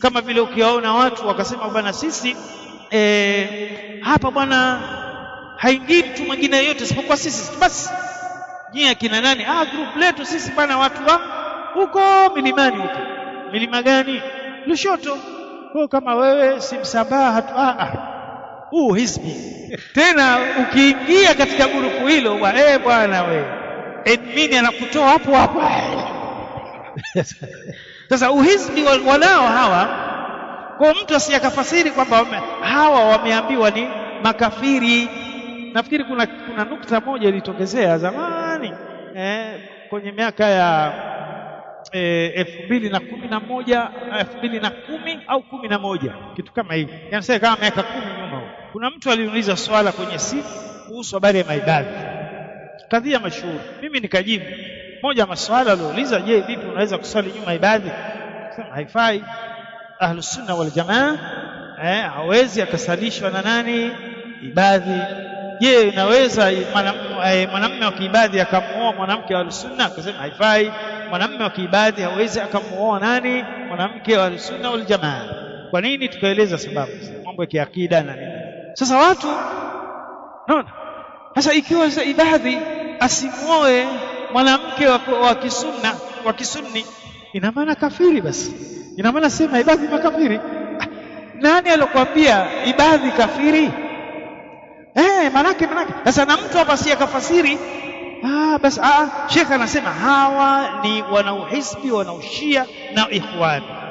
Kama vile ukiwaona watu wakasema bwana, sisi e, hapa bwana haingii mtu mwingine yeyote isipokuwa sisi basi. Nyie akina nani? Ah, group letu sisi bwana, watu wa huko milimani huko. Milima gani? Lushoto. Kwa oh, kama wewe si Msambaa hatu ah, ah. Huu hizbi tena, ukiingia katika gurupu hilo bwana eh, bwana wewe, admin anakutoa hapo hapo Sasa uhizbi wanao hawa, kwa mtu asiyakafasiri kwamba hawa wameambiwa ni makafiri. Nafikiri kuna, kuna nukta moja ilitokezea zamani eh, kwenye miaka ya eh, elfu mbili na kumi na moja elfu mbili na kumi au kumi na moja kitu kama hivi, yanasema kama miaka kumi nyuma, kuna mtu aliuliza swala kwenye simu kuhusu habari ya maibadhi, kadhia mashuhuri, mimi nikajibu moja ya maswala aliouliza, je, vipi unaweza kuswali nyuma ibadhi? Haifai. Ahlusunna wal Jamaa eh, hawezi akasalishwa na nani ibadhi. Je, unaweza eh, mwanamume wa kiibadhi akamuoa mwanamke wa Ahlusunna? Akasema haifai. Mwanamume wa kiibadhi hawezi akamuoa nani mwanamke wa Ahlusunna wal Jamaa. Kwa nini? Tukaeleza sababu, mambo ya kiakida na nini. Sasa watu naona sasa, ikiwa sasa ibadhi asimuoe mwanamke wa kisunna wa kisunni ina maana kafiri basi ina maana sema ibadhi makafiri ah, nani alokuambia ibadhi kafiri eh manake manake sasa na mtu hapa si akafasiri ah basi ah, ah. shekha anasema hawa ni wanauhisbi wanaushia na ikhwani